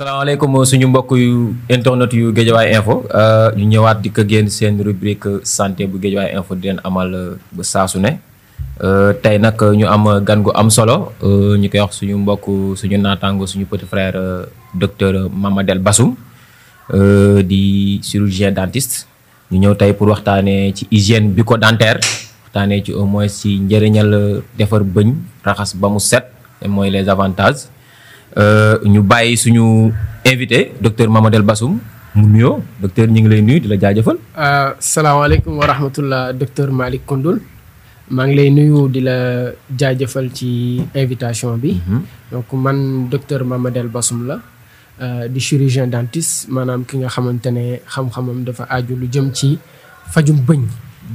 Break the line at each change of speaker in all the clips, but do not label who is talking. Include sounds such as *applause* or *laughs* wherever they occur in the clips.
salaamaaleykum euh, suñu mbokk yu internet yu Guédiawaye info euh, ñu ñëwaat di ko génn seen rubrique santé bu Guédiawaye info di leen amal euh, ba saasu ne tey nag ñu am gan gu am solo ñu koy wax suñu mbokk suñu naataango suñu petit frère docteur Mamadel Bassoum di chirurgien dentiste ñu ñëw tey pour waxtaanee ci bi ko dentaire waxtaanee ci au moins ci njëriñal defar bëñ raxas ba mu set mooy les avantages Euh, ñu bàyyi suñu invité docteur Mamadel basum mu nuyoo docteur ñu ngi lay nuyu di la jaajëfal.
Euh, salaamaaleykum wa rahmatullah docteur Malick Koundoul maa ngi lay nuyu di la jaajëfal ci invitation bi. Mhm. donc man docteur Mamadel Bassoum la. Euh, di chirurgien dentiste maanaam ki nga xamante ne xam-xamam dafa aju lu jëm ci fajum bëñ.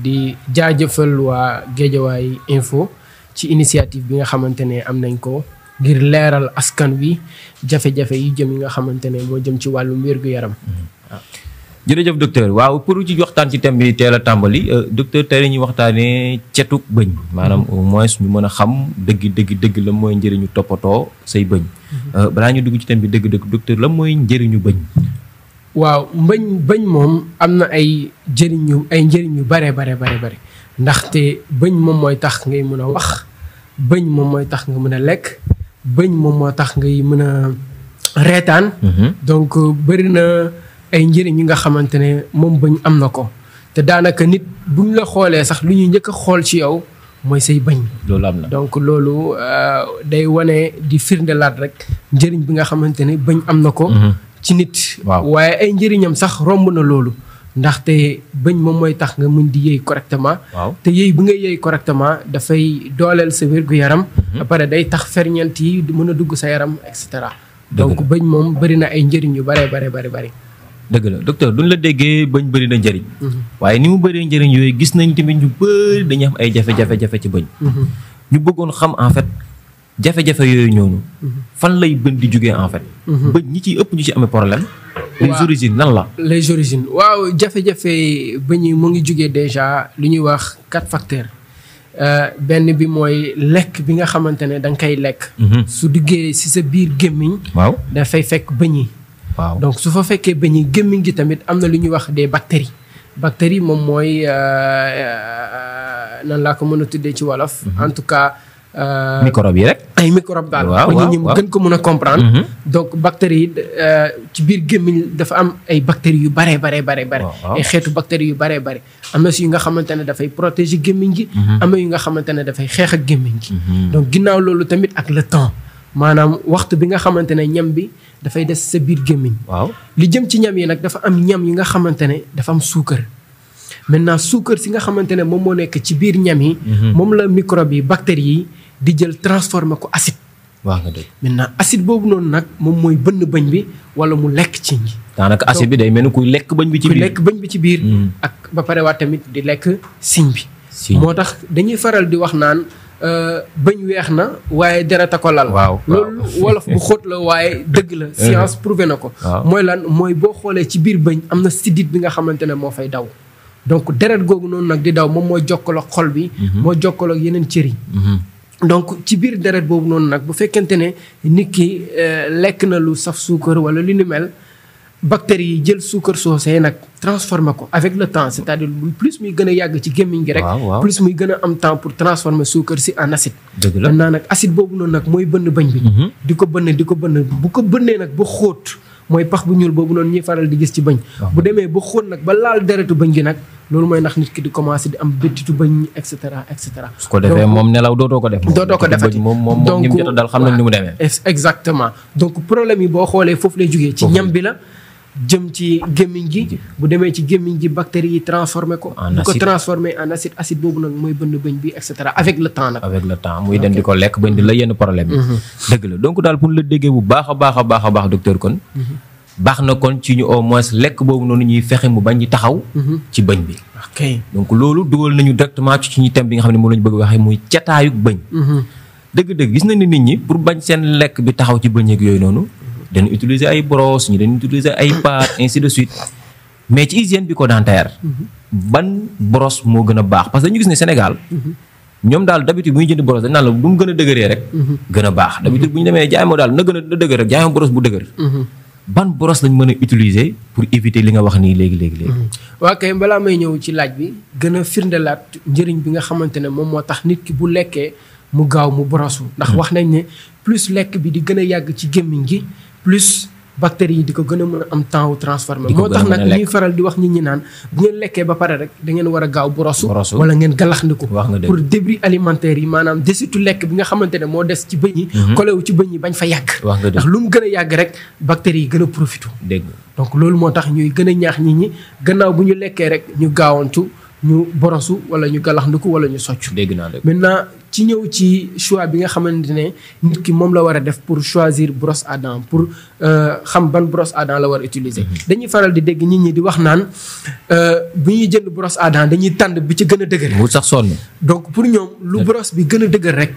di jaajëfal waa Géejawaay info ci initiative bi nga xamante ne am nañ ko. ngir leeral askan wi jafe-jafe yi jëm yi nga xamante ne moo jëm ci wàllu wér-gu-yaram waaw
jërëjëf docteur waaw pour ci waxtaan ci thème bi teel a tàmbali euh, docteur te ñuy waxtaanee cetuk bëñ maanaam mm-hmm. au moins ñu mën a xam dëgg dëgg dëgg la mooy njëriñu toppatoo say bëñ mm-hmm. euh, balaa ñu dugg ci thème bi dëgg dëgg docteur la mooy njëriñu bëñ
waaw mbëñ bëñ moom am na ay njëriñ ay njëriñ yu bare bare bare bare ndaxte bëñ moom mooy tax ngay mën a wax bëñ moom mooy tax nga mën a lekk bëñ moom moo tax ngay mën a reetaan mhm. donc euh, bëri na ay njëriñ yi nga xamante ne moom bëñ am na ko te daanaka nit buñ la xoolee sax lu ñuy njëkk xool ci yow mooy say bëñ loolu am donc loolu euh, day wane di firnde firndelaat rek njëriñ bi nga xamante ne bëñ am na ko mhm. ci nit waaye ay njëriñam sax romb na loolu ndaxte bëñ moom mooy tax nga mën di yëy correctement. waaw te yëy bu nga yëy correctement dafay dooleel sa wér-gu-yaram. Mhm. ba pare day tax ferñeent yi mën a dugg sa yaram et cetera. donc bëñ moom bëri na ay njëriñ yu bare bare bare bëri.
dëgg la docteur duñ la déggee bañ bëri na njëriñ. Mhm. waaye ni mu bëree njëriñ yooyu gis nañ tamit ñu bëri dañuy am ay jafe-jafe jafe ci bëñ. Mhm. ñu bëggoon xam en fait jafe-jafe yooyu ñooñu. fan lay bën di jógee en fait. bëñ ñi ciy ëpp ñu ci amee problème. les origines nan la.
les origines waaw jafe-jafe ba mu ngi jugee déjà lu ñuy wax quatre facteurs euh, benn bi mooy lekk bi nga xamante ne da nga koy lekk. Mhm. su diggee ci sa biir gémmiñ. waaw dafay fekk bëñ yi. waaw donc su fa fekkee bëñ gémmiñ gi tamit am na lu ñuy wax des bactéries. bactéries moom mooy euh, euh, nan laa ko mën a tuddee ci wolof. Mhm. en tout cas. Euh, microbe yi rek. ay microbe daal. waaw waaw ko mën a comprendre. Mhm. donc bactéries yi euh, ci biir gémmiñ dafa am ay bactéries yu baree baree baree bare ay xeetu bactéries yu baree bare am na si yu nga xamante ne dafay protéger gémmiñ gi. Mhm. am na nga xamante ne dafay xeex ak gémmiñ gi. Mhm. ginnaaw loolu tamit ak le temps maanaam waxtu bi nga xamante ne ñam bi dafay des sa biir gémmiñ. waaw li jëm ci ñam yi nag dafa am ñam yi nga xamante ne dafa am suukar. maintenant suukar si nga xamante ne moom moo nekk ci biir ñam yi. moom la microbe yi bactéries yi. di jël transformer ko acide. waaw nga dëgg maintenant acide boobu noonu nag moom mooy bënn bañ bi wala mu lekk ci ñi.
daanaka acide bi day mel ni kuy lekk bañ bi ci biir lekk
bañ bi ci biir. ak ba pare waa tamit di lekk siñ bi. moo tax dañuy faral di wax naan euh, bëñ weex na waaye deret a ko lal. waaw loolu wolof bu xóot la waaye dëgg la. *laughs* science prouvé na ko. mooy lan mooy boo xoolee ci biir bañ am na sidit bi nga xamante ne moo fay daw. donc deret googu noonu nag di daw moom mooy jokkaloo xol bi. Mm-hmm. moo jokkaloo yeneen cër donc ci biir deret boobu noonu nag bu fekkente ne nit ki euh, lekk na lu saf suukar wala lu ni mel bactéries yi jël suukar soosee nag transforme ko avec le temps c'est-à-dire plus muy gën a yàgg ci gémmiñ gi rek plus muy gën a am temps pour transformer suukar si en acide maintenant nag acide boobu noonu nag mooy bënn bañ bi mm-hmm. di ko bënn di ko bënn bu ko bënnee nag ba xóot mooy pax bu ñuul boobu noonu ñuy faral di gis ci bañ bu demee ba xóot nag ba laal deretu bañ gi nag loolu mooy nax nit ki di commencé di am bëttitu bañ et cetera et cetera. su ko defee moom
nelaw dootoo ko def. dootoo ko defati moom moom moom ñi jot a dal xam nañ ni mu demee.
exactement donc problème yi boo xoolee foofu lay jógee. ci ñam bi la jëm ci gémmiñ gi. bu demee ci gémmiñ gi bactéries yi transformé ko. bu ko transformé en acide nag mooy bënn bëñ bi et cetera avec le temps nag. avec temps muy dem di ko
lekk bañ di la yenn problème yi. Mhm. dëgg la donc daal pour la déggee bu baax a baax a baax a baax docteur kon. Mhm. baax na kon ci ñu au moins lekk boobu noonu ñuy fexe mu bañ di taxaw. Mhm. ci bëñ bi. ok loolu dugal nañu directement ci ñu thème bi nga xam ne moom la ñu bëgg waxee muy cataayug bëñ. Mhm. dëgg-dëgg gis nañ ni nit ñi pour bañ seen lekk bi taxaw ci bëñ ak yooyu noonu. dañu utiliser ay brosse ñu dañu utiliser ay pâte ainsi de suite mais ci hygiène bi ko dentaire mhm. ban brosse moo gën a baax parce que dañu gis ne Sénégal. ñoom daal d'habitude bu ñu jënd boros dañ naan la bu mu gën a dëgëree rek. gën a baax d'habitude bu ñu demee jaay daal na gën a dëgër rek jaay ma boros bu dëgër. ban brosse lañ mën a utiliser pour éviter li nga wax nii léegi léegi léegi.
Mm-hmm. waa kay balaa may ñëw ci laaj bi gën a firndelaat njëriñ bi nga xamante ne moom moo tax nit ki bu lekkee mu gaaw mu brosu ndax mm-hmm. wax nañ ne plus lekk bi di gën a yàgg ci gémmiñ gi plus. bactéries yi di ko gën a mën a am temps wu transformé moo tax nag ñuy faral di wax nit ñi naan bu ngeen lekkee ba pare rek da ngeen war a gaaw brosu wala ngeen galaxndiku pour débris alimentaires yi maanaam desitu lekk bi nga xamante ne moo des ci bëñ yi kolewu mhm. ci bëñ yi bañ fa yàgg ndax lu mu gën a yàgg rek bactéries yi gën a profité donc loolu moo tax ñuy gën a ñaax nit ñi gannaaw bu ñu lekkee rek ñu gaawantu ñu borosu wala ñu galaxndiku wala ñu socc. dégg naa maintenant ci ñëw ci choix bi nga xamante ne nit ki moom la war a def pour choisir brosse à dents pour euh, xam ban brosse à la war a utiliser. Mm-hmm. dañuy faral di dégg nit ñi di wax naan euh, bu ñuy jënd brosse à dañuy tànd bi ci gën a dëgër. bu sax sonn. donc pour ñoom lu brosse bi gën a dëgër rek.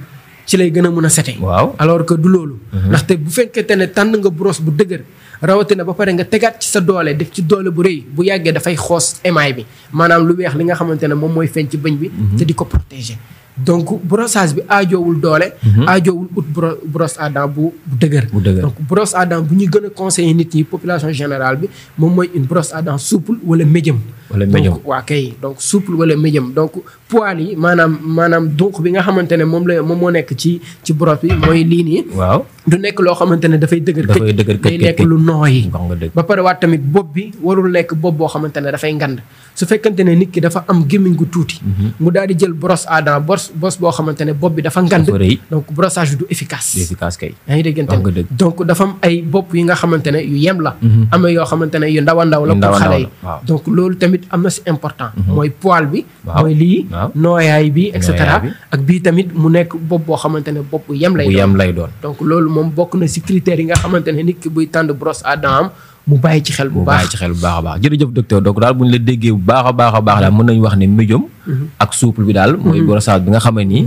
ci lay gën a mën a sete. waaw alors que du loolu. Mm-hmm. ndaxte bu fekkente ne tànn nga brosse bu dëgër. rawatina ba pare nga tegaat ci sa doole def ci doole bu rëy bu yàggee dafay xoos émail bi maanaam lu weex li nga xamante ne moom mooy feeñ ci bëñ bi. Mhm. te di ko protéger. donc brossage bi ajoowul doole. aajoowul mhm. ut brosse à dents bu bu dëgër. donc brosse à dents bu ñu gën a conseiller nit ñi population générale bi moom mooy une brosse à dents souple wala médium. wala médium donc waa kay donc souple wala médium donc poil yi maanaam dunq bi nga xamante ne moom la moom moo nekk ci ci brosse bi mooy lii nii. waaw du nekk loo xamante ne dafay dëgër. dafay dëgër këj day nekk lu nooyi. ba pare waat tamit bopp bi warul nekk bopp boo xamante ne dafay ngand su fekkante ne nit ki dafa am gémmiñ gu tuuti. Mhm. mu daal di jël brosse à dents brosse brosse boo xamante ne bopp bi dafa ngand. donc brossage bi du efficace. du efficace kay. yaa ngi déggante donc dafa am ay bopp yi nga xamante ne yu yem la. Mhm. amee yoo xamante ne yu ndaw a ndaw la. pour xale yi donc loolu tamit am na si important. Mhm. mooy poil bi. mooy lii nooyaay bi et cetera. ak bii tamit mu nekk bopp boo xamante ne bopp yem lay. doon lay doon. donc loolu moom bokk na si critères yi nga xamante ne nit ki buy tànn brosse à am mu bàyyi ci xel bu baax ci xel bu baax a
baax jërëjëf docteur donc daal bu ñu la déggee bu baax a baax a baax daal mën nañu wax ne médium. Mhm. ak souple bi daal. mooy mhm. brossage bi nga xam ne nii.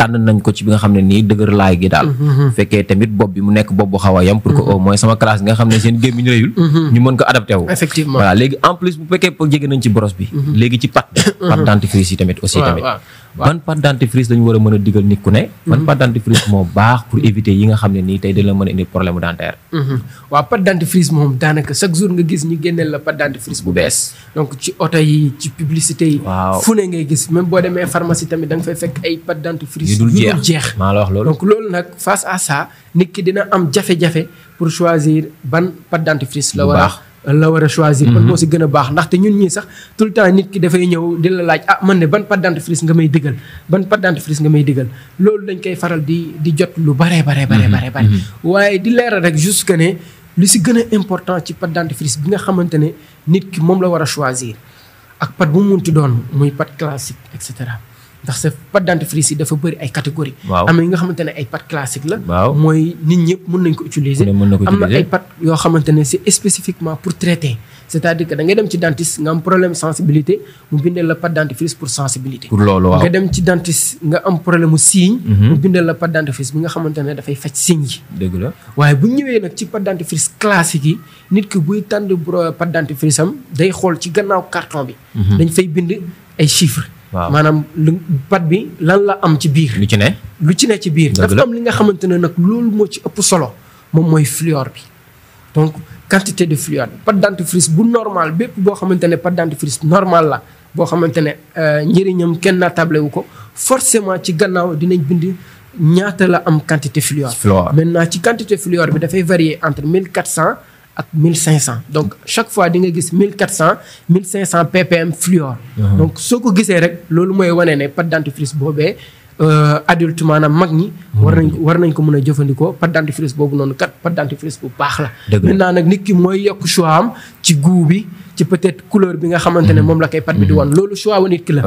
tan nañ ko ci bi nga xamne ni deugur lay gi dal mm-hmm. mm-hmm. fekke tamit bob bi mu nek bob xawa yam pour que au mm-hmm. moins sama classe nga xamne seen gemi ñu reuyul ñu mën ko adapté wu effectivement voilà légui en plus bu fekke pour jégué nañ ci brosse bi légui ci pat pat dentifrice tamit aussi tamit ban pâte dentifrice dañu war a mën a digal nit ku ne. Mhm. ban pâte dentifrice moo baax pour éviter yi nga xam ne nii tey dina mën a indi problème dentaire.
Mhm. waaw pâte dentifrice moom daanaka chaque jour nga gis ñu génneel la pâte dentifrice bu bees. donc ci oto yi ci publicité yi. fu ne ngay gis même boo demee pharmacie tamit da nga fay fekk ay pâte dentifrice. yu dul jeex maa la wax loolu. donc loolu nag face à ça nit ki dina am jafe-jafe pour choisir ban pâte dentifrice la war a la war a choisir. ban mhm. moo si gën a baax ndaxte ñun ñii sax tout le temps nit ki dafay ñëw di la laaj ah man ne ban pâte dentifrice nga may digal ban pâte dentifrice nga may digal loolu dañ koy faral di di jot lu bare bare bare mhm. bare bare mhm. waaye di leeral rek juste que ne lu si gën a important ci pâte dentifrice bi nga xamante ne nit ki moom la war a choisir ak pâte bu mu munti doon muy pâte classique et cetera. ndax sa pas d' entreprise yi dafa bëri ay catégorie. waaw am na yi nga xamante ne ay pat classique la. waaw mooy nit ñëpp mën nañ ko utiliser. mën nañ ko utiliser am na ay pat yoo xamante ne c' est spécifiquement pour traiter. c' est à dire que da ngay dem ci dentiste nga am problème sensibilité mu bindal la pas d' entreprise pour sensibilité. pour loolu waaw nga dem ci dentiste nga am problème mu signe. Mhm. mu bindal la pas d' entreprise bi nga xamante ne dafay faj signe yi. dëgg la waaye bu ñëwee nag ci pas d' entreprise classique yi nit ki buy tànn bro pas d' entreprise am day xool ci gannaaw carton bi. Mhm. dañ fay bind ay chiffres. waaw maanaam lu pat bi lan la am ci biir. lu ci ne. lu ci ne ci biir. dafa am li nga xamante ne nag loolu moo ci ëpp solo moom mooy fluor bi donc quantité de fluor bi pâte dentifrice bu normal bépp boo xamante ne pâte dentifrice normal la boo xamante ne euh, njëriñam kenn naatable wu ko forcément ci gannaaw dinañ bind. ñaata la am quantité fluor. maintenant ci quantité fluor bi dafay varier entre mille quatre cent ak 1500 donc chaque fois di nga gis 1400 1500 ppm fluor. Uh-huh. donc soo ko gisee rek loolu mooy wane ne pat dentifrice boobee. Euh, adulte maanaam mag ñi. war nañ ko mën a jëfandikoo pâte dentifrice boobu noonu kat pâte dentifrice bu baax la. maintenant nag nit ki mooy yokk choix am ci goût bi ci peut couleur bi nga xamante ne mm-hmm. moom la koy pâte bi di wan mm-hmm. loolu choix wu la.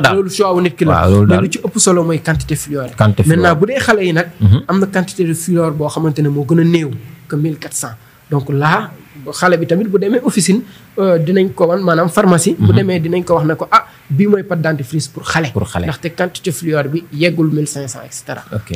daal loolu choix wu nit ki la. mais ci ëpp solo mooy quantité fleur. quantité fleur maintenant bu dee xale yi nag. Mm-hmm. am na quantité de fleur boo xamante ne moo gën a néew que 1400 donc là. xale bi tamit bu demee officine euh, dinañ ko wan maanaam pharmacie. bu mhm. demee dinañ ko wax ne ko ah bii mooy pâte dentifrice pour xale. pour xale ndaxte quantité fluor bi yeggul 1500 et cetera.
ok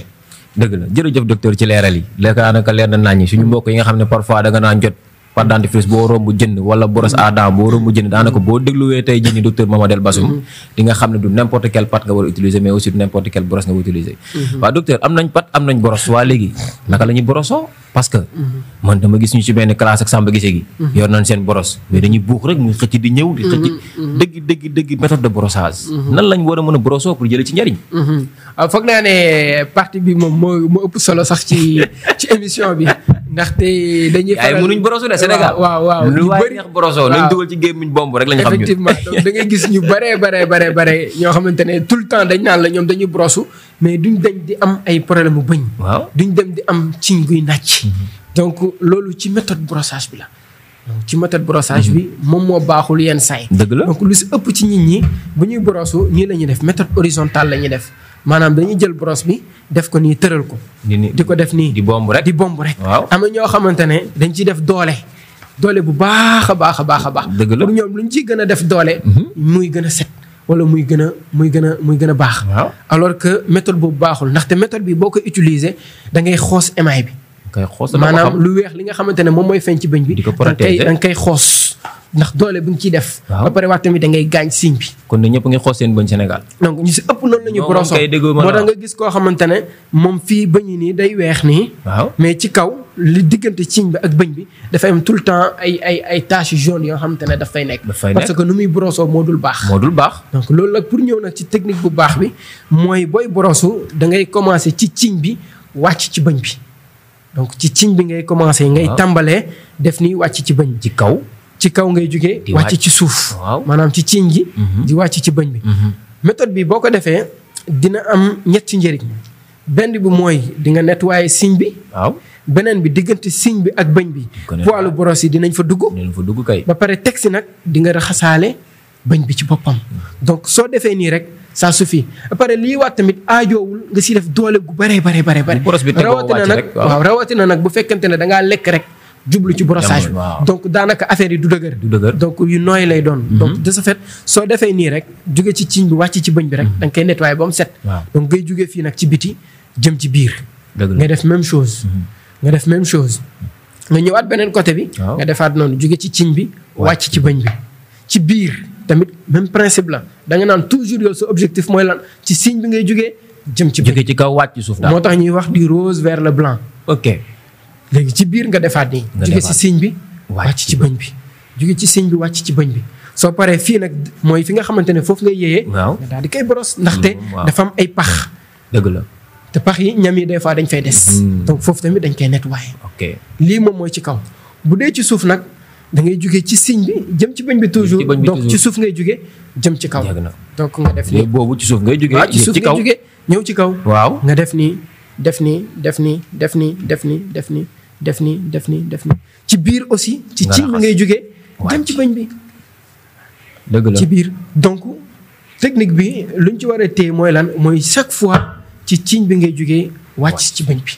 dëgg la jërëjëf docteur ci leeral yi. daanaka leer na naan ñi suñu mbokk yi nga xam ne parfois danga naan jot. par dante fils boo romb jënd wala boros hmm. ada boo romb jënd daanaka boo dégluwee tey jii ñi docteur mamadel basum hmm. di nga xam ne du n' importe quel pat nga war a utiliser mais aussi du n' importe quel boros nga war utiliser waa hmm. docteur am nañ pat am nañ lah boros waa léegi naka la ñuy borosoo parce que man dama gis ñu ci benn classe ak samba gisee gi yor nañ seen boros mais dañuy buux rek muy xëcc di ñëw di xëcc dëgg dëgg dëgg méthode de brossage nan lañ war a mën a borosoo pour jële ci njëriñ
ah, fog naa ne partie bi moom moo ëpp solo sax *laughs* ci ci émission bi ndaxte dañuy faral ay mënuñ borosu ne Sénégal waaw waaw lu waay neex borosoo nañ dugal
ci gémmiñ bomb rek lañ xam effectivement
donc da ngay gis ñu bare bare bare bare ñoo xamante ne tout le temps dañ naan la ñoom dañuy brosu mais duñ dem di am ay problème bu bëñ waaw duñ dem di am ciñ guy nàcc mhm. donc loolu ci méthode brossage bi la ci méthode brossage bi mhm. moom moo baaxul yenn saay dëgg la donc lu si ëpp ci nit ñi bu ñuy brosu ñii la ñuy def méthode horizontale la ñuy def maanaam dañuy jël brosse bi def ko nii tëral ko. di ko def nii di bomb rek di bomb rek. waaw am na ñoo xamante ne dañ ciy def doole. doole bu baax a baax a baax a baax. dëgg la pour ñoom lu ñu ciy gën a def doole. Mhm. muy gën a set wala muy gën a muy gën a muy gën a baax. waaw alors que méthode boobu baaxul ndaxte méthode bi boo ko utiliser da ngay xoos émail bi. maanaam lu weex li nga xamante ne moom mooy feeñ ci bëñ bi. di ko protéger da nga koy xoos. ndax doole bu ñu ciy def. ba pare wax tamit da ngay gaañ signe bi. kon nag ñëpp ngi xool seen bëñ Sénégal. donc ñu si ëpp noonu nañu ñu. broso moo tax nga gis koo xamante ne moom fii bëñ nii day weex nii. mais ci kaw li diggante signe bi ak bëñ bi dafay am tout le temps ay ay ay taches jaunes yoo xamante ne daf nekk. fay nekk que nu muy broso moo dul baax. moo dul baax. donc loolu nag pour ñëw nag ci technique bu baax bi mooy booy broso da ngay commencer ci signe bi wàcc ci bëñ bi donc ci signe bi ngay commencer. ngay tàmbalee def niy wàcc ci bëñ ci kaw ci kaw ngay jugge wàcc ci suuf maanaam ci ciñ gi mhm. di wàcc ci bañ bi mhm. méthode bi boo ko dina am ñetti njëriñ benn bi mooy di nga nettoyer siñ bi beneen bi diggante siñ bi ak bañ bi poilu boros yi dinañ fa dugg fa dugg kay ba pare teg si nag di nga raxasaale bañ bi ci boppam mhm. donc soo defee nii rek ça suffit après lii waat tamit aajoowul nga si def doole gu bare bare bare bare rawatina nag waaw rawatina nag bu fekkente ne da ngaa lekk rek jublu ci brossage bi donc daanaka affaire yi du dëgër. donc yu noy lay doon. Mhm. donc de ce fait soo defee nii rek jóge ci ciñ bi wàcc ci bëñ bi rek mhm. set. donc ngay jóge fii nag ci biti jëm ci biir. même chose. Mhm. nga def même chose nga ñëwaat beneen côté bi. nga defaat noonu jóge ci ciñ bi wàcc ci bëñ bi ci biir. tamit même principe la da nga toujours yow objectif mooy lan ci signe bi ngay jëm ci. jóge ci kaw du rose vers le blanc. ok léegi ci biir nga defaat nii. jóge ci siñ bi wàcc ci bëñ bi. jóge ci siñ bi wàcc ci bëñ bi soo paree fii nag mooy fi nga xamante ne foofu ngay yéeyee. waaw nga daal di koy boros ndaxte mm, dafa am ay pax. Mm. dëgg la te pax yi ñam yi des fois dañ fay des. Mm. donc foofu tamit dañ koy nettoyer. ok lii moom mooy ci kaw bu dee ci suuf nag dangay ngay jóge ci siñ bi jëm ci bëñ bi toujours donc ci suuf ngay jóge jëm ci kaw. donc nga def nii boobu ci suuf ngay jóge waaw ci suuf ngay ñëw ci kaw. waaw nga def nii def nii def nii def nii def nii def nii. def ni def ni def ci biir aussi. ci cin bi ngay jógee. dem ci bëñ bi. dëgg la ci biir donc technique bi luñ ci war a téye mooy lan mooy chaque fois ci ciñ bi ngay jógee wàcc ci bëñ bi.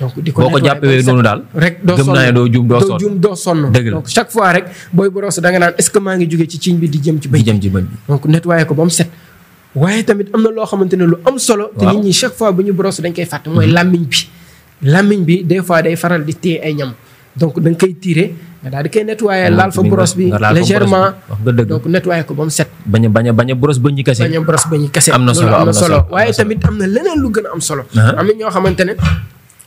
donc di ko boo ko jàppee noonu daal. rek doo sonn gëm naa ne doo juum doo sonn doo juum doo sonn. dëgg la ngi jógee ci ciñ bi ci bëñ. di jëm ci bëñ ko ba mu set. waaye tamit am na loo xamante ne lu am solo. te nit ñi chaque fois bu ñu boros dañ koy fàtte mooy mm-hmm. làmmiñ bi. làmmiñ bi des fois day faral di téye ay ñam donc da koy tiire nga daal di koy nettoyer laal fa brosse bi légèrement donc nettoyer ko ba mu set bañ a
bañ a bañ a brosse ba ñu kese bañ brosse ba ñu kese am na solo am solo
waaye tamit am na leneen lu gën am solo uh-huh. am na ñoo xamante ne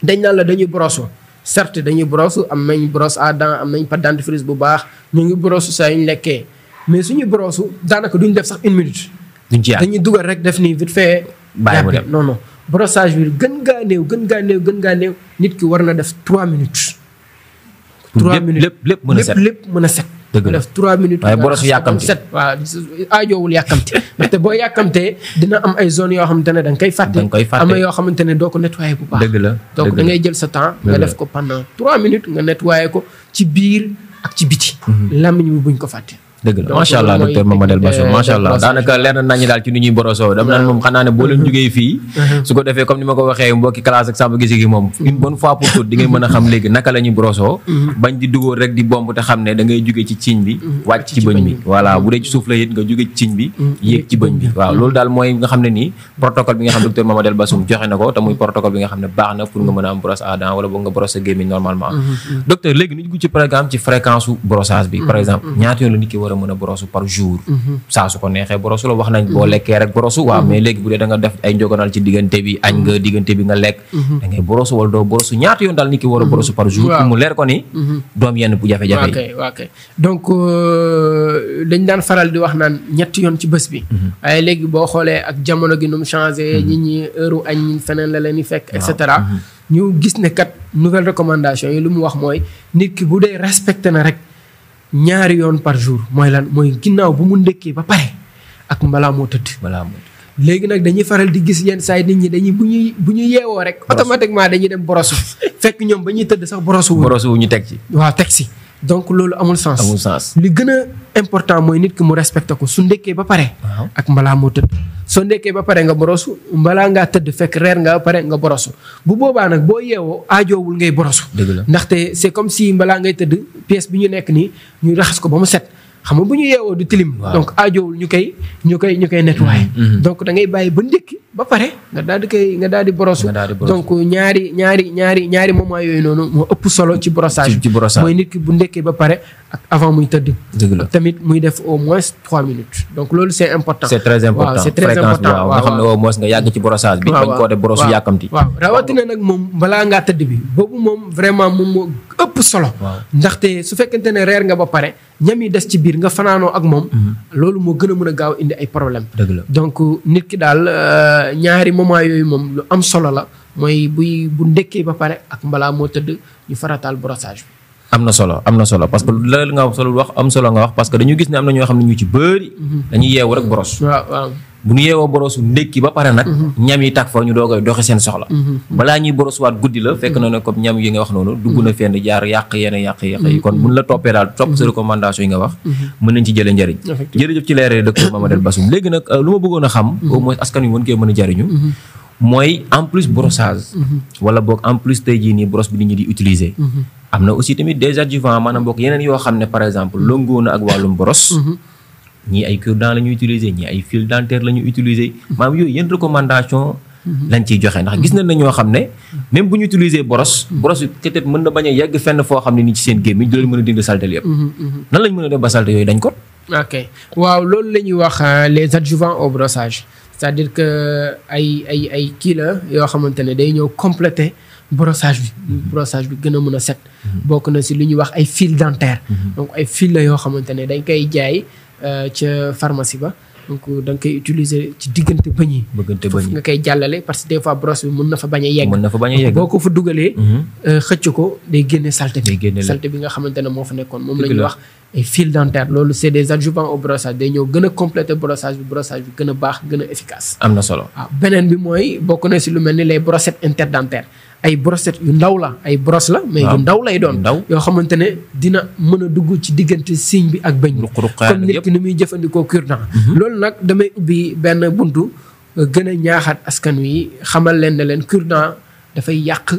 dañ naan la dañuy brosse certes dañuy brosse am nañ brosse à dents am nañ pâte dentifrice bu baax ñu ngi brosse saa yu ñu lekkee mais suñu brosse daanaka duñ def sax une minute duñ ci dañuy dugal rek def nii vite fait bàyyi mu dem non non bi gën gaa néew gën gaa néew gën gaa néew nit ki war na def 3 minutes.
3 minutes lépp lépp mën a set lépp
mën a set. dëgg la def 3 minutes. waaye boros yàkkamti set waaw aajoowul yàkkamti *laughs* ndaxte boo yàkkamtee dina am ay zone yoo xamante ne da nga koy fàtte. da koy fàtte am yoo xamante ne doo ko nettoyé bu baax. dëgg la
donc da ngay jël sa temps. nga def ko
pendant 3 minutes nga nettoyé ko ci biir ak ci biti. Mhm. làmmiñ bi buñ ko fàtte. deug la masha allah docteur mamadel basso masha allah danaka lerr nañu dal
ci nuñuy boroso dam nañ mom xanaane bo leen jugge fi su ko defé comme nima ko waxé mbokki classe ak sama gisi gi mom une bonne fois pour toutes di ngay mëna xam légui naka lañu boroso bañ di duggo rek di bombu te xamné da ngay jugge ci ciñ bi wacc ci bañ bi voilà bu dé ci souf la yeen nga jugge ci ciñ bi yek ci bañ bi waaw lool dal moy nga xamné ni protocole bi nga xam docteur mamadel basso joxé nako ta muy protocole bi nga xamné baxna pour nga mëna am brosse à dents wala bu nga brosse gémi normalement docteur légui ñu ci programme ci fréquence brossage bi par exemple ñaat mhm. yoon la war a mën a brosu par jour mhm. saa su ko neexee brosu la wax nañ boo mhm. lekkee rek brosu waaw mhm. mais léegi bu dee da nga def ay njoganal ci diggante bi añ nga diggante bi nga lekk da ngay brosu wala doo brosu ñaata yoon daal nit ki war a brosu par jour pour mu leer ko ni doom yenn bu jafe-jafe yi
ok donc euh, dañ daan faral di wax naan ñetti yoon ci bés bi waaye léegi boo xoolee ak jamono gi nu mu ñi ñi heure añ feneen la leen di fekk et ñu gis ne kat ñaari yoon par jour mooy lan mooy ginnaaw bu mu ndékkee ba pare ak mbalaa moo tëdd mbalaa moo tëdd léegi nag dañuy faral di gis yenn saay nit ñi dañuy bu ñuy bu ñuy yeewoo rek automatiquement dañuy dem borosu fekk ñoom ba ñuy tëdd sax borosu wuñu borosu wuñu teg ci waaw teg si donc loolu amul sens amul sens li gën a important mooy nit ki mu respecté ko su ndekkee ba pare. ak mbalaa moo tëdd. soo ndekkee ba pare nga borosu mbalaa ngaa tëdd fekk reer nga ba pare nga borosu bu boobaa nag boo yeewoo aajoowul ngay borosu. dëgg la ndaxte c'est comme si mbalaa ngay tëdd pièce bi ñu nekk nii ñu raxas ko ba mu set. xam nga bu ñu yeewoo du tilim. donc aajoowul ñu koy ñu koy ñu koy nettoyé. Mm-hmm. donc da ngay bàyyi ba ndékki ba pare nga daldi kay nga daldi brosu donc ñaari ñaari ñaari ñaari mom ay yoy nonu mo upp solo ci brossage ci brossage moy nit ki bu ndeké ba pare ak avant muy teud tamit muy def au moins 3 minutes donc lolu c'est important c'est très important c'est très important nga xamné au
moins nga yag ci brossage bi bañ ko def brosu yakamti
rawati na nak mom bala nga teud bi bobu mom vraiment mom mo upp solo ndax té su fekkante né rer nga ba pare ñami dess ci bir nga fanano ak mom lolu mo gëna mëna gaaw indi ay problème donc nit ki dal eh, ñaari moment yooyu moom lu am solo la mooy buy bu ndekkee ba pare ak mbalaa moo tëdd ñu farataal brossage
am na solo am na solo parce que la nga solo wax am solo nga wax parce que dañu gis ne am na ñoo xam ne ñu ci bëri. Mhm. dañuy yeewu rek brosse. bu ñu yeewoo borosu ndékki ba pare nag mhm. ñam yi tak fa ñu doogoy doxi seen soxla mhm. balaa ñuy borosuwaat guddi la fekk na ne comme ñam yi nga wax noonu dugg na mhm. fenn jaar yàq yenn yàq yi kon buñ la toppee daal topp sa recommandation yi nga wax mën nañ ci jëlee njëriñ jërëjëf ci leeree docteur *coughs* Mamadou Bassoum léegi nag euh, lu ma bëggoon a xam au moins askan wi koy mën a jariñu mooy en plus brossage wala boog en plus tey nii brosse bi nit ñi di utiliser ñii ay cure dent la ñuy utiliser ñii ay fil dentaire la ñuy utiliser maanaam yooyu yenn recommandation lañ ciy joxe ndax gis nañ na ñoo xam ne même bu ñu utiliser boros boros peut-être mën na bañ a yegg fenn foo xam ne ni ci seen gémmiñ du leen mën a dindi salte yëpp mhm, mhm. nan lañ mën a def ba salte yooyu dañ ko
ok waaw loolu la ñuy wax euh, les adjuvants au brossage c'est-à-dire que euh, ay ay ay kii la yoo xamante ne day ñëw compléter brossage bi mhm. brossage bi gën a mën a set bokk na si lu ñuy wax ay fil dentaire donc ay fil la yoo xamante ne dañ koy jaay ci eh, pharmacie ba donc euh, da eh, nga koy utiliser ci diggante bañ yi bëggante bañ nga koy jallale parce que des fois brosse bi mën na fa bañ a yegg mën na fa bañ a yegg boko fa dugalé mhm. eh, xëcc ko day génné salté bi salté bi nga xamantene mo fa nekkon mom lañ wax et fil dentaire lolu c'est des adjuvants au brossage day ñeu gëna compléter brossage bi brossage bi gëna baax gëna efficace
amna solo ah,
benen bi moy bokku na ci lu melni les brossettes interdentaires ay brossette yu ndaw la ay brosse la. mais yu ndaw lay doon. ndaw yoo xamante ne dina mën a dugg ci diggante signe bi ak bëñ bi. kon nit ki ni muy jëfandikoo cure-dent. Mhm. loolu nag damay ubbi benn buntu euh, gën a ñaaxaat askan wi xamal leen ne leen cure-dent dafay yàq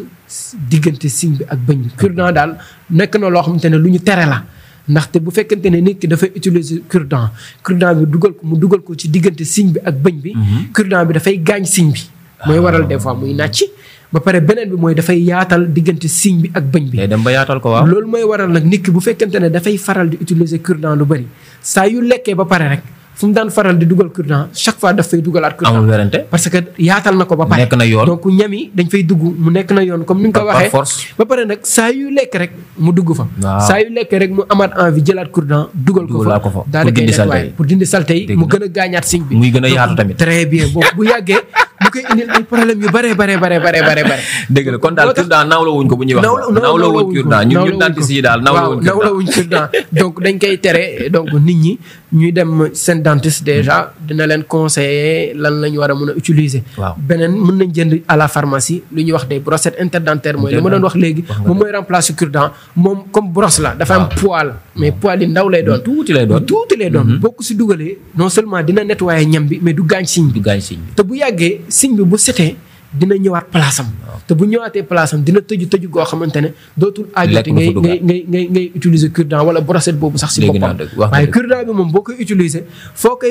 diggante signe bi ak bëñ bi. cure daal nekk na loo xamante ne lu ñu tere la. ndaxte bu fekkente ne nit ki dafay utiliser cure-dent bi dugal ko mu dugal ko ci diggante signe bi ak bëñ bi. Mhm. cure bi dafay gaañ signe bi. mooy waral des fois muy nàcc. ba pare beneen bi mooy dafay yaatal diggante signe bi ak bëñ bi. day dem yaatal ko waaw. loolu mooy waral nag nit bu fekkente ne dafay faral di utiliser cure-dent lu bëri saa yu lekkee ba pare rek. fu daan faral di dugal cure-dent fois daf fay dugalaat cure-dent parce que yaatal na ko ba pare nekk na yoon donc dugg mu nekk na yoon comme ni nga ko waxee ba pare nag saa yu lekk rek mu dugg fa saa yu lekkee rek mu amaat envie jëlaat cure-dent dugal ko fa daal di koy pour dindi salte yi mu gën a gaañaat signe bi muy gën a yaatu tamit très bien boobu bu yàggee mu koy indil ay problème yu bare bare bare bare bare bare
dëgg kon daal Kurdan nawloo wuñ ko bu ñuy wax nawloo wuñ Kurdan ñun ñun daan ci si daal nawloo wuñ
Kurdan donc dañ koy tere donc nit ñi ñuy dem seen dentiste déjà dina leen conseiller lan la ñu war a mën a utiliser. waaw beneen mën nañ jënd à la pharmacie lu ñuy wax des brossettes interdentaires mooy li ma doon wax léegi. moom mooy remplacer cure-dent moom comme brosse la dafa am poil. mais poil yi ndaw lay doon. tuuti lay doon tuuti mhm. si dugalee non seulement dina nettoyer ñam mais du gaañ siñ bi. du gaañ siñ bi bu yàggee dina ñëwaat place am te bu ñëwaatee place am dina tëju tëju goo xamante dootul aajoote ngay ngay ngay ngay ngay boobu sax si boppam waaye cure bi moom boo koy utiliser foofu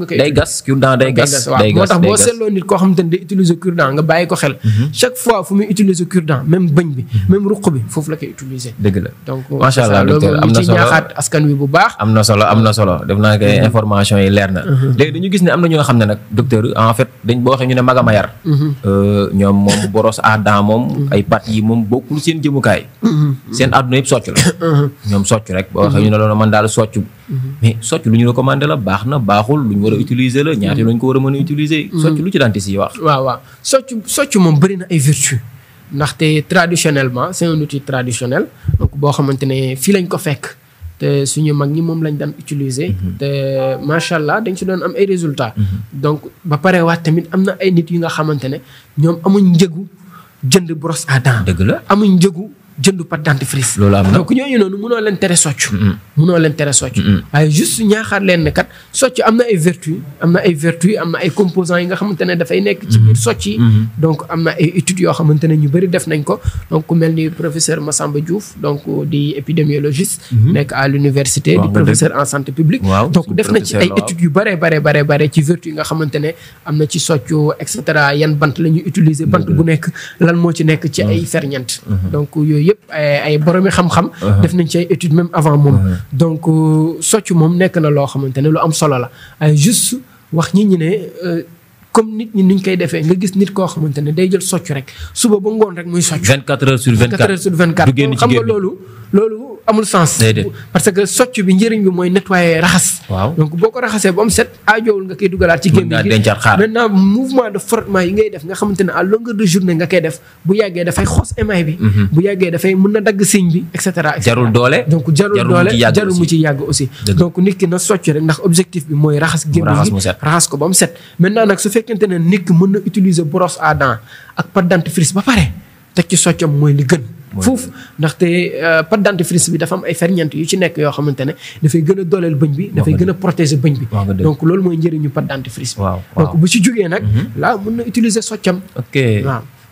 nga koy day gas cure day gas waaw moo tax boo seetloo nit koo xamante day utiliser cure nga bàyyi ko xel mhm. chaque fois fu muy utiliser cure-dent bëñ bi mhm. même ruq bi foofu la koy utiliser dëgg la donc macha allah am na solo ñaaxaat
na solo am na solo naa ko mhm. information yi a ma yar mhm. euh, ñoom moom boros à dents moom mhm. ay pat yi moom bokkul seen jëmukaay mhm. seen àdduna yëpp socc la ñoom socc rek boo waxee ñu ne loolu man daal la baax na baaxul lu ñu war a utiliser la ñaata lañ ko war a mën a utiliser socc lu ci dante si wax
waaw waaw socc socc moom bëri na ay vertu ndaxte traditionnellement c'est un outil boo xamante ne fii lañ ko fekk te suñu mag ñi moom lañ daan utiliser. Mhm. te macha allah dañ si doon am ay résultats. Mhm. donc ba pare waat tamit am na ay nit yu nga xamante ne ñoom amuñ njëgu jënd brosse à dents. dëgg la amuñ njëgu. Je pat dentifrice. loolu donc nous noonu mënoo leen tere socc. mënoo leen juste ñaaxaar leen ne kat socc ay vertu ay ay composants yi nga ci mm-hmm. mm-hmm. donc am ay études yoo donc ku professeur Massamba Diouf donc di épidémiologiste. Mm-hmm. à l'université di professeur en santé publique. donc def études yépp ay boromi xam-xam. Uh-huh. def nañ ci ay études même avant moom. Uh-huh. donc euh, socc moom nekk na loo xamante ne lu am solo la ay juste wax ñi ñi ne. Euh, comme nit ñi niñ koy defee nga gis nit koo xamante ne day jël socc rek suba ba ngoon rek muy socc. 24 heures sur 24 24 heures sur 24. du génn ci génn xam nga loolu. loolu amul sens. parce que socc bi njëriñ bi mooy nettoyer raxas. waaw donc boo ko raxasee ba mu set aajowul nga koy dugalaat ci gémmiñ gi maintenant mouvement de frottement yi ngay def nga xamante ne à longueur de journée nga koy def bu yàggee dafay xos émail bi. Mhm. bu yàggee dafay mën na dagg siñ bi et cetera. jarul doole donc jarul doole jarul mu ci yàgg aussi. donc nit ki na socc rek ndax objectif bi mooy raxas. gémmiñ gi raxas ko ba mu set. maintenant nag su fekkente ne nit mën na utiliser brosse à dents ak pâte dentifrice ba pare. teg ci soccom mooy li gën foofu ndaxte euh, pâte dentifrice bi dafa am ay ferñeent yu ci nekk yoo xamante ne dafay gën a dooleel bëñ bi dafay gën a protéger bëñ bi donc loolu mooy njëriñu pâte dentifrice bi donc bu ci jógee nag mhm. laa mën na utiliser soccam
waaw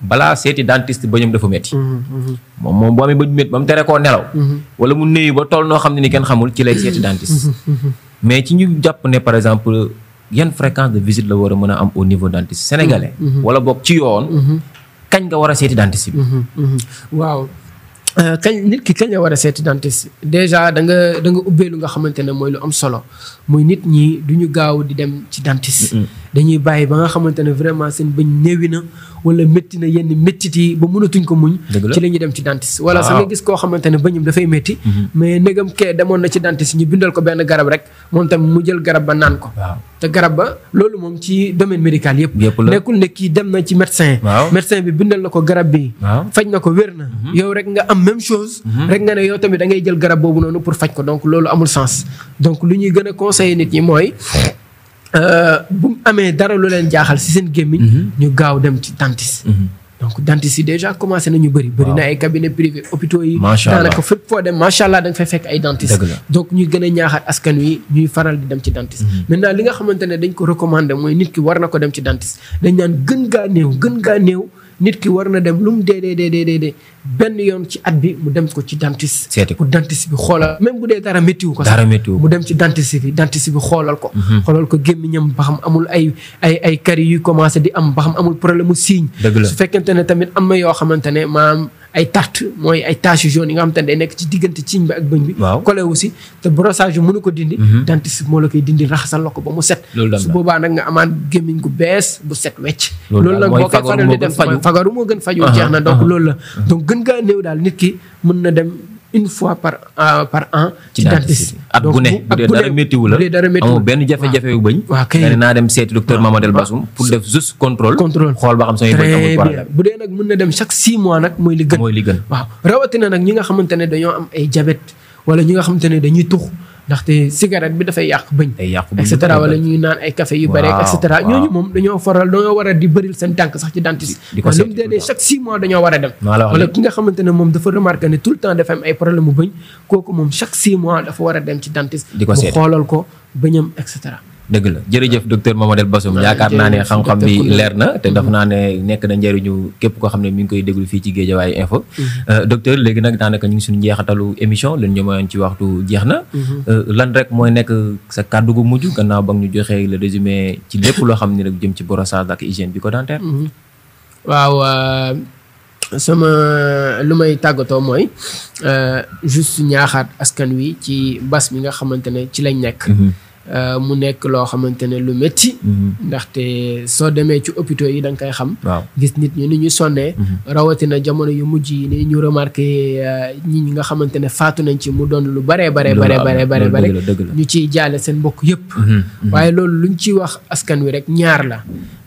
bala seti dentiste bañum dafa metti mhm, mhm. mom mom bu amé bañum metti bam téré ko nelaw wala mu neuy ba toll no xamni ni ken xamul ci lay seti dentiste mais ci ñu japp né par exemple yeen fréquence de visite la wara mëna am au niveau dentiste sénégalais mhm, eh. wala bok ci
yoon kañ nga wara seeti dentiste bi waaw eh, kañ nit ki kañ nga wara seeti dentiste déjà da nga da nga ubbé lu nga xamanté né moy lu am solo mooy nit ñi du ñu gaaw di dem ci dentiste. dañuy bàyyi ba nga xamante ne vraiment seen bëñ néewi na wala métti na yenn méttit yi ba mënatuñ ko muñ. ci la ñuy dem ci dentiste. wala ah. sax gis koo xamante ne dafay métti. Mm-hmm. mais ndegam kee demoon na ci dentiste ñu bindal ko benn garab rek moom tam mu jël garab ba naan ko. te garab ba loolu moom ci domaine médical yëpp. nekkul ne kii dem na ci médecin. médecin bi bindal na ko garab bi. faj na ko wér na. Mm-hmm. yow rek nga am même chose. Mm-hmm. rek nga ne yow tamit da ngay jël garab boobu noonu pour faj ko don loolu amul sens conseillé nit ñi mooy euh, bu amee dara lu leen jaaxal si seen gémmiñ mm-hmm. ñu gaaw dem ci dentiste mm-hmm. donc dentiste yi déjà commencé nañu bëri bëri na ay cabinet privé hôpitaux yi daanaka fépp foo dem macha allah da fay fekk ay dentiste donc ñu gën a ñaaxaat askan wi ñuy faral di dem ci dentiste mm-hmm. maintenant li nga xamante ne dañ ko recommandé mooy nit ki war na ko dem ci dentiste dañ naan gën gaa néew gën gaa néew nit ki war na dem lu mu dee dee dee benn yoon ci at bi mu dem ko ci dentiste. seeti ko dentiste bi xoolal même bu dee dara méttiwu ko. dara méttiwu mu dem ci dentiste bi dentiste bi xoolal ko. Mhm. xoolal ko gémmiñam baxam xam amul ay ay ay caries yu commencé di am ba amul problème mu signe. dëgg la su fekkente ne tamit am na yoo xamante ne maam. ay tarte mooy ay taches jaunes yi nga xam te ne nekk ci diggante ciiñ bi ak bëñ bi. waaw collé aussi te brossage bi mënu ko dindi. Mhm. dentifrice moo la koy dindi raxasal la ba mu set. su boobaa nag nga amaan gémmiñ gu bees bu set wecc. loolu nag boo koy faral di def fagaru gën faju jeex na donc loolu la donc gën gaa néew daal nit ki mën na dem une fois par euh, par an. ci dentiste at bu ne bu dee dara méttiwu la amul benn
jafe-jafe yu bëñ. waaw naa dem seeti docteur Mamadou El Bassoum pour def juste contrôle. contrôle xool ba xam samay bëñ amul problème.
bu dee nag mën na dem chaque 6 mois nag mooy li gën. mooy li gën waaw rawatina nag ñi nga xamante ne dañoo am ay diabète wala ñi nga xamante ne dañuy tux ndaxte cigarette bi dafay yàq bëñ et cetera wala ñuy naan ay café yu bare et cetera ñooñu moom dañoo faral dañoo war a di bëril seen tànk sax ci dentiste ndax li mu dee chaque six mois dañoo war a dem wala ki nga xamante ne moom dafa remarqué ne tout le temps dafa am ay problème bu bëñ kooku moom chaque si mois dafa war a dem ci dentiste mu xoolal ko bëñam et cetera
dëgg la jërëjëf docteur del Bassoum yaakaar naa ne xam-xam bi leer na te daf mm-hmm. naa ne nekk na njëriñu képp koo xam ne mi ngi koy déglu fii ci Géejawaay info mm-hmm. euh, docteur léegi nag daanaka ñu ngi suñu njeexatalu émission lan ñu mayoon ci waxtu jeex na mm-hmm. euh, lan rek mooy nekk sa kàddu gu mujj gannaaw ba nga ñu joxee le résumé ci lépp loo xam ne rek jëm ci brossage ak hygiène bi ko dentaire
waaw euh, sama lu may tàggatoo mooy juste ñaaxaat askan wi ci bas mi nga xamante ne ci lañ nekk Euh, mu nekk loo xamante ne lu métti. Mhm. ndaxte soo demee ci hôpitaux yi da koy xam. gis nit ñi ni ñu sonnee. Mhm. rawatina jamono yu mujj yi ni ñu remarqué euh, ñi ñi nga xamante ne faatu nañ ci mu doon lu baree baree. baree baree bare ñu ciy jaale seen mbokk yëpp. Mhm. waaye loolu luñ ciy wax askan wi rek ñaar la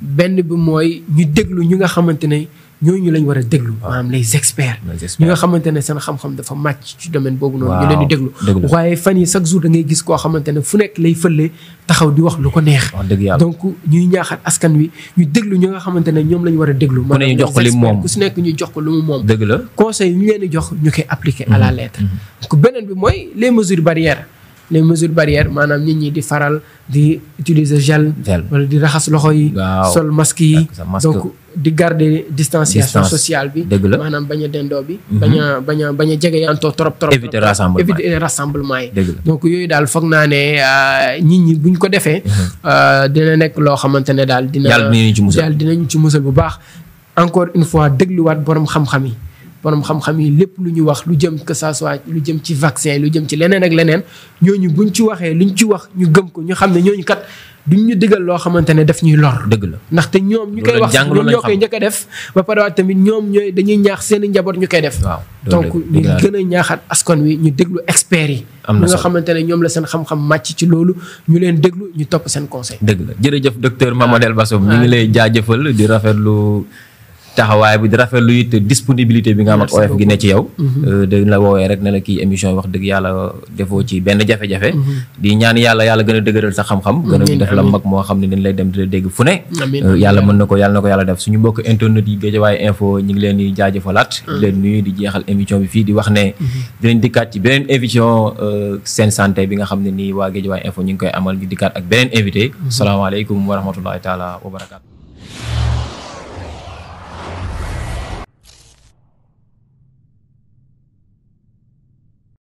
benn bi mooy ñu déglu ñi nga xamante ne. ñooñu lañ war a déglu maanaam les experts ñi nga xamante ne seen xam-xam dafa màcc ci domaine boobu noonu ñu leen di déglu waaye fan yi chaque jour da gis koo xamante ne fu nekk lay fële taxaw di wax lu ko neex donc ñuy ñaaxaat askan wi ñu déglu ñu nga xamante ne ñoom lañ war a déglu maanaam ñu jox ko li moom ku nekk ñu jox ko lu mu moom dëgg la conseil ñu leen di jox ñu koy appliquer à la mm-hmm. lettre mm-hmm. beneen bi mooy les mesures barrières les mesures barrières maanaam nit ñi di faral di utiliser gel. wala di raxas loxo yi. sol masque yi donc di garder distanciation sociale bi. dëgg la maanaam bañ dendoo bi. Mhm. bañ a bañ a bañ a jegeyantoo trop trop. éviter rassemblement yi éviter rassemblement yi. donc yooyu daal foog naa ne euh, nit ñi buñ ko defee. Mhm. Euh, dina nekk loo xamante ne daal. dina yàlla dinañ ci musal dinañ ci musal bu baax. encore une fois dégluwaat borom xam-xam yi. borom xam-xam yi lépp lu ñu wax lu jëm que ça lu jëm ci vaccin lu jëm ci leneen ak leneen ñooñu bu ñu ci waxee ñu ci wax ñu gëm ko ñu xam ne ñooñu kat duñ ñu digal loo xamante ne daf ñuy lor. dëgg la ndaxte ñoom ñu koy wax ñoom ñoo koy njëkk a def. ba pare waat ñooy dañuy ñaax seen i njaboot ñu koy def. waaw donc ñu gën a ñaaxaat askan wi ñu déglu experts yi. am na nga xamante ne ñoom la seen xam-xam màcc ci loolu ñu leen déglu ñu topp seen conseil.
dëgg la jërëjëf docteur Mamadou El Bassoum ñu ngi lay jaajëfal di rafetlu taxawaay bi di rafetlu it disponibilité bi nga am ak OF gi ne ci yow. Mhm. Euh, dañ la woowee rek ne la kii émission wax dëgg yàlla defoo ci benn jafe-jafe. Mhm. di ñaan yàlla yàlla gën a dëgëral sa la mag moo xam ne dañ lay dem di la dégg fu ne. Euh, yàlla mën na ko yàlla na ko yàlla mbokk internet yi Géejawaay info ñu ngi leen ah. di leen nuyu di jeexal émission bi fii di wax ne. Mhm. dinañ dikkaat ci beneen émission euh, seen santé bi nga xam ne nii waa Géejawaay info ñu ngi koy amal di dikkaat ak beneen invité. salaamaaleykum